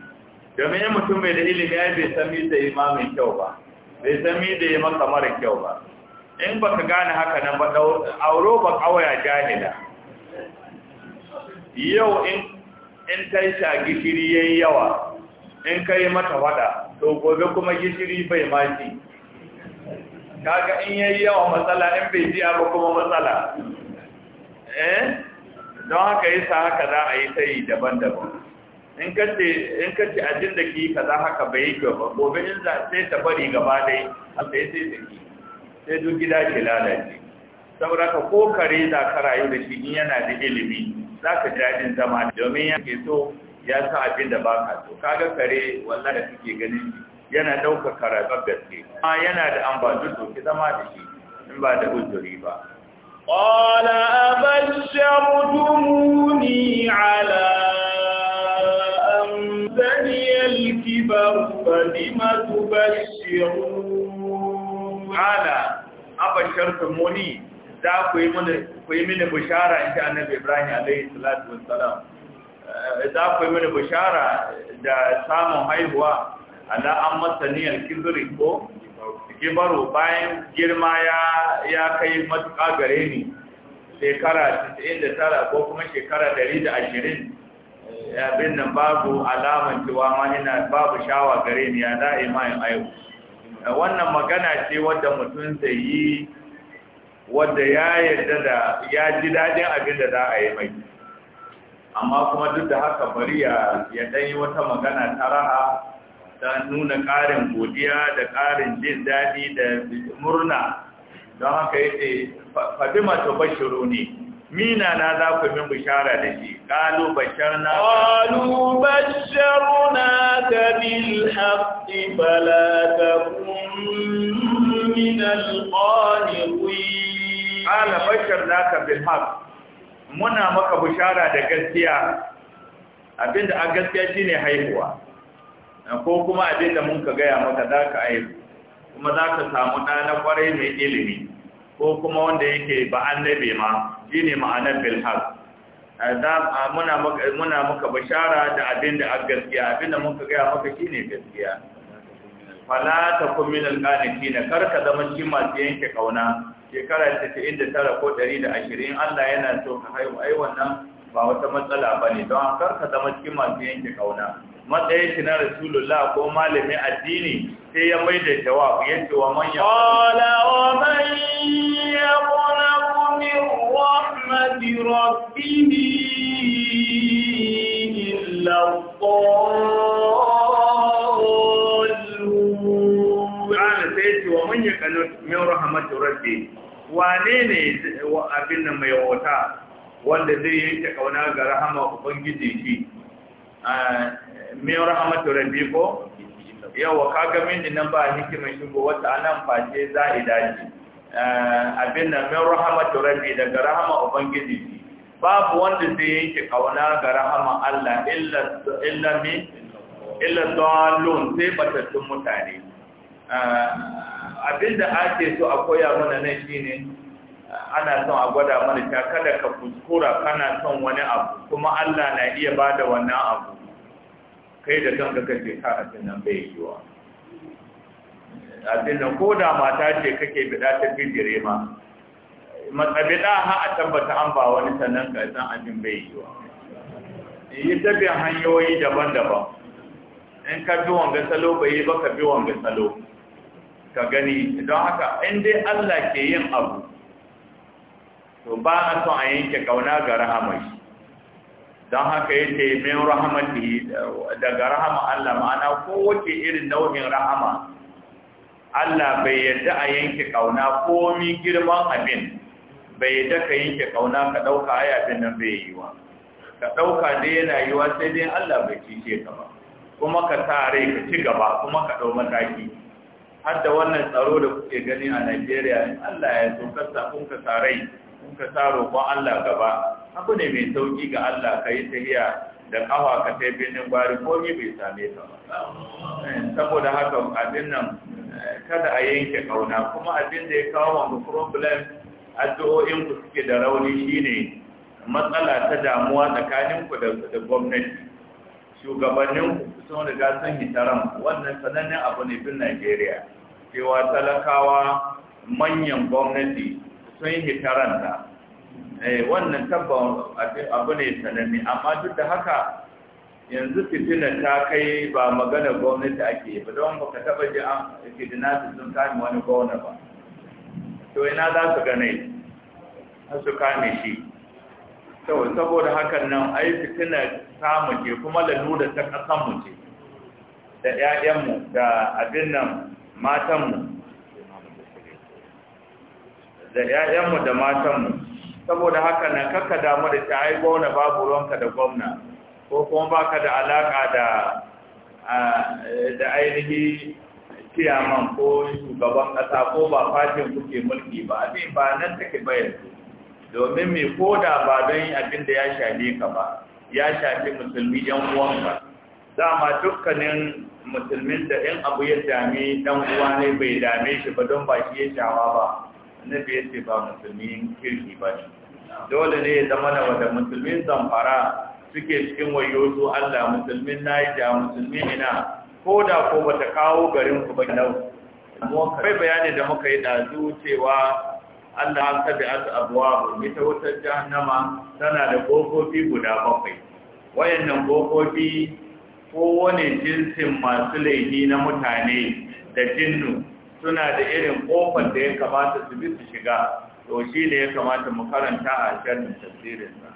domin yin mutum mai da ilimi yi bai sami da yi ma mai kyau ba bai sami da yi maka mara kyau ba in ba ka gane haka nan ba auro ba kawaya jahila yau in ta yi sha gishiri ya yi yawa in ka yi mata wada to gobe kuma gishiri bai maci kaga in yi yawa matsala in bai ji ba kuma matsala eh don haka yi sa haka za a yi ta yi daban-daban in ka ce ajin da ki kaza haka bai yi ba gobe in za sai ta bari gaba dai a sai sai ta ki sai duk gida ke lalace saboda ka ko kare za ka rayu da shi in yana da ilimi za ka jajin zama domin ya ke so ya sa abin da ba ka so kaga kare walla da kake ganin yana ɗaukar karabar gaske yana da ambatu to ki zama da shi in ba da uzuri ba قال أبشرتموني على أن بني الكبر فلم تبشرون على أبشرتموني da ku yi mini bishara in ji annabi ibrahim alaihi salatu wassalam za ku yi mini bishara da samun haihuwa ala an masaniyar kizuri ko baro bayan girma ya ya kai matuƙa gare ni shekara 99 ko kuma shekara 120 eh, abin nan babu alaman cewa ma ina babu shawa gare ni ya da'i ma yin ayo eh, wannan magana ce wadda mutum zai yi wadda ya yarda da ya ji daɗin abin da za a yi mai amma kuma duk da haka bari ya ɗan yi wata magana ta raha ta nuna ƙarin godiya da ƙarin jin daɗi da murna don haka yake ce fadima ta bashiro ne mina na za ku min bishara da shi ƙalu bashar na ƙalu bashar na ka bil bala ta min ƙala bashar na ka bil muna maka bishara da gaskiya abinda a gaskiya shine haihuwa ko kuma abin da mun ka gaya maka za ka aiki kuma za ka samu ɗa na ƙwarai mai ilimi ko kuma wanda yake ba annabi ma shi ne ma'anar bilhaz muna maka bashara da abin da a gaskiya abin da ka gaya maka shi ne gaskiya fala ta kummin alƙanaki na karka zama shi masu yanke ƙauna shekara 99 ko 120 Allah yana so ka haihu ai wannan ba wata matsala ba ne don karka zama shi masu yanke ƙauna matsayin shi na rasulullah ko malamin addini sai ya mai da jawabu ya ce wa manya qala wa man yaqnaqu min rahmati rabbih illa Allah sai ce wa man yaqnaqu min rahmati rabbih wane ne abin nan mai wata wanda zai yanke kauna ga rahama ubangiji shi eh, min rahmatu rabbi ko yawa kaga min nan ba shi shigo wata anan face a ce eh, abin nan min rahmatu rabbi daga rahama ubangiji babu wanda zai yanke kauna ga rahama Allah illa illa mi illa dalun sai batattun mutane eh, abinda ake so a koya mana nan shine ana son a gwada mana ta kada ka kuskura kana son wani abu kuma Allah na iya bada wannan abu kai da kanka kake ka a abin nan bai yiwa abin nan ko da mata ce kake bida ta bijire ma bida ha a tabbata an ba wani sannan ka san abin bai yiwa yi bi hanyoyi daban-daban in ka bi wanga salo bai yi ba ka bi wanga salo ka gani don haka in dai Allah ke yin abu to ba a son a yanke kauna ga shi don haka yace min rahmatihi daga rahama Allah ma'ana kowace irin nau'in rahama Allah bai yadda a yanke kauna komi girman abin bai yadda ka yanke kauna ka ɗauka ai nan bai yi wa ka dauka dai yana yi wa sai dai Allah bai cice ka ba kuma ka sa rai ka ci gaba kuma ka ɗau mataki har da wannan tsaro da kuke gani a Najeriya Allah ya so sa kun ka sa rai kun ka sa roƙon Allah gaba abu ne mai sauki ga Allah ka yi tahiya da kawa ka sai birnin gwari komi bai same ka ba eh, saboda haka abin nan eh, kada a yanke kauna kuma abin da ya kawo wanda problem addu'o'in ku suke da rauni shine matsala ta damuwa tsakaninku ku da gwamnati shugabannin ku sun riga sun yi taron wannan sanannen abu ne bin Najeriya cewa talakawa manyan gwamnati sun yi taron ta. Eh, wannan tabbawan abu ne sananne amma duk da haka yanzu fitina ta kai ba magana gwamnati ake ba don baka taba ji an su sun kani wani gwamna ba to ina za su gane su kame shi saboda hakan nan ai fitina ta muke kuma lalura ta mu ce da 'ya'yanmu da abin nan matanmu da 'ya'yanmu da matanmu saboda haka nan kakka damu da ta ai gona babu ruwanka da gwamna ko kuma baka da alaka da da ainihi ciyaman ko shugaban kasa ko ba fatin kuke mulki ba abin ba nan take bayar domin me ko da ba don abin da ya shafe ka ba ya shafi musulmi yan uwanka dama dukkanin musulmin da in abu ya dame dan uwa ne bai dame shi ba don ba shi ya shawa ba annabi ya ce ba musulmin kirki ba ne dole ne ya zama na wanda musulmin zamfara suke cikin wayo su Allah musulmin da musulmin ina ko da ko bata kawo garin ku ba nau mu kai bayani da muka yi dazu cewa Allah an tabi as abwab ita wutar jahannama tana da kofofi guda bakwai wayannan kofofi ko wani jinsin masu laifi na mutane da jinnu suna da irin kofar da ya kamata su bi su shiga to shi ne ya kamata mu karanta a shirin tafsirin sa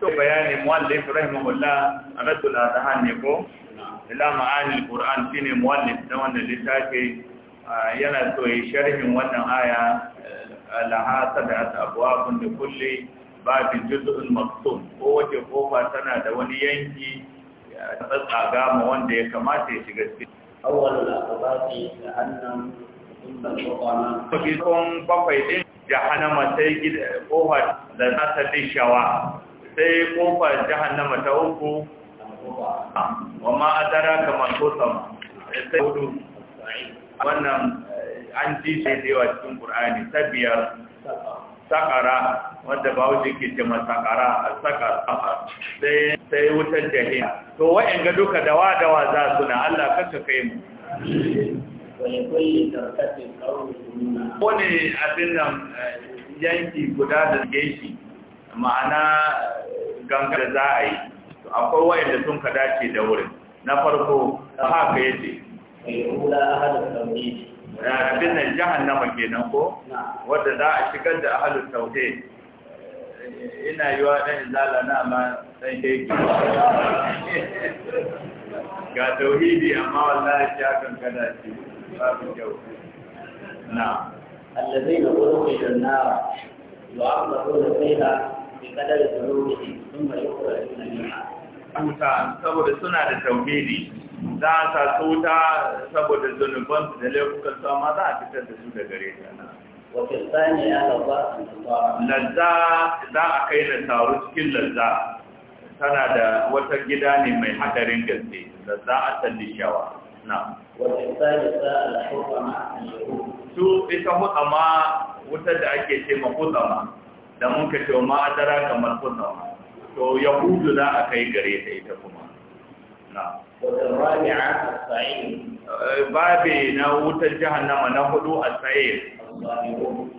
to bayani muallif rahimahullah anatul adhan ne ko ila ma'ani alquran shine muallif da wannan littafi yana so yi sharhin wannan aya laha sadat abwabun da kulli babin juz'ul maqsum ko wace kofa tana da wani yanki ya tsatsaga gama wanda ya kamata ya shiga cikin awwalul aqabati jahannam thumma al-qama kun bakwai din jahannama sai gida kofa da za ta dishawa sai kofa jahannama ta uku wa ma adara man tusama sai hudu wannan eh, an ji sai da yawa cikin qur'ani ta biyar sakara wanda ba wuce ke ce masakara a saka safa sai sai wutar jahiya to wa'in ga duka dawa dawa za su na Allah ka kai mu wani abin nan eh, yanki guda da geshi, ma'ana eh, ganga da za a yi akwai wa'in da sun ka dace da wurin na farko haka yace ayyula ahadu tawhid abin nan jahannama kenan ko wadda za a shigar da ahalin saude ina yi wa ɗan zala na ma ɗan keke ga tauhidi amma wallahi shi akan kada shi babu kyau na allazai na ƙorafi don nara yau abu da ƙorafi zaina bai kadar da ƙorafi mai ƙorafi na nuna amsa saboda suna da tauhidi za a sa sauta saboda zunuban su da laifukan su amma za a fitar da su da gare ta lazza za a kai na taru cikin lalza tana da wata gida ne mai hadarin gaske za a tallishawa na su ita hutsama wutar da ake ce ma hutsama da mun ka ce ma adara kamar hutsama to yahudu za a kai gare ta ita kuma Eh, babi na wutar jahannama na hudu a tsaye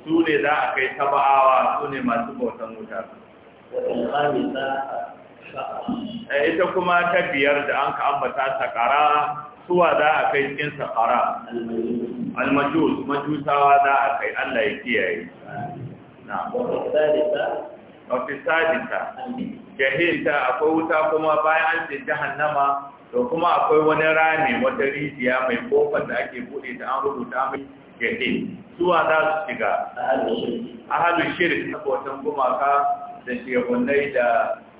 su ne za a kai taba'awa su ne masu bautan wuta eh, ita kuma ta biyar da an ka ambata sakara suwa za a kai cikin sakara almajus majusawa za a kai allah ya kiyaye na mafisadinta jahinta akwai wuta kuma bayan an ce jahannama to kuma akwai wani rami wata rijiya mai kofar da ake buɗe ta an rubuta mai jahil zuwa za su shiga a ahalu shirin abotan gumaka da shehunai da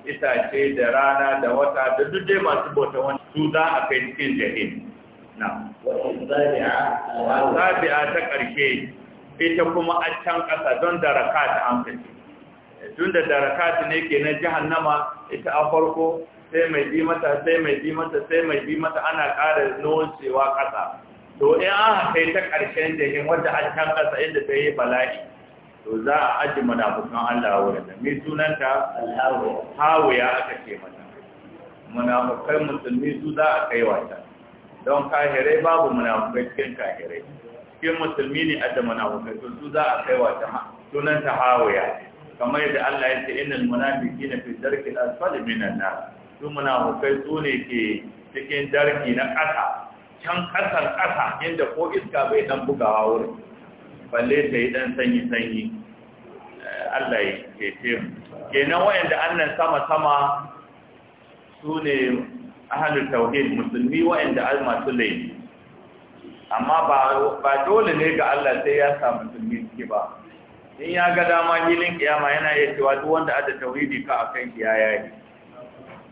itace da rana da wata da duk dai masu bauta wani su za a kai cikin jahil na wasabi'a ta ƙarshe ita kuma a can ƙasa don da raka ta amfani tun da darakat ne kenan jahannama ita a farko sai mai bi mata sai mai bi mata sai mai bi mata ana ƙara nocewa ƙasa to in an kai ta ƙarshen da hin wadda an can ƙasa inda ta yi bala'i to za a aji munafukan Allah wurin da mai sunanta hawiya aka ce mata munafukai musulmi su za a kai wata don kahirai babu munafukai cikin kahirai cikin musulmi ne adda munafukai to su za a kai wata sunanta hawiya kamar yadda Allah ya ce innal munafiqina fi darkil asfali minan nar su munafikai su ne ke cikin darki na ƙasa can ƙasar ƙasa inda ko iska bai dan bugawa wuri balle ta yi dan sanyi sanyi Allah ya ce kenan wayanda annan sama sama su ne ahlul tauhid musulmi wayanda alma su laifi amma ba dole ne ga Allah sai ya sa musulmi ba in ya ga dama hilin kiyama yana iya cewa duk wanda ada tauhidi ka akan shi ya yayi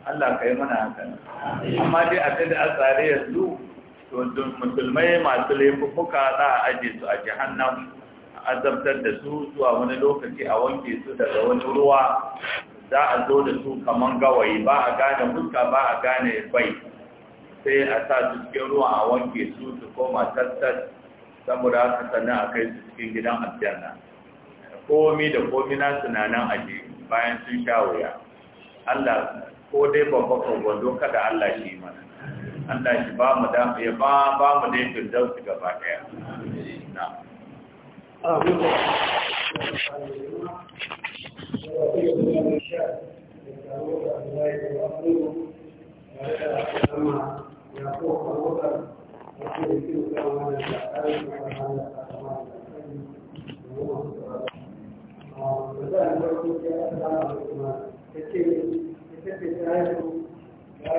Allah kai mana haka amma dai a da asare yanzu to musulmai masu laifuka za a aje su a jahannam a azabtar da su zuwa wani lokaci a wanke su daga wani ruwa za a zo da su kamar gawayi ba a gane fuska ba a gane bai sai a sa su cikin ruwa a wanke su su koma tattas saboda haka sannan a kai su cikin gidan aljanna komi da komi na sunanan aji bayan sun sha wuya Allah ko dai babban gwando kada Allah shi mana Allah shi ba mu da ya ba ba mu dai firdausi gaba daya Thank you. da za a yi farko ya ce ita ce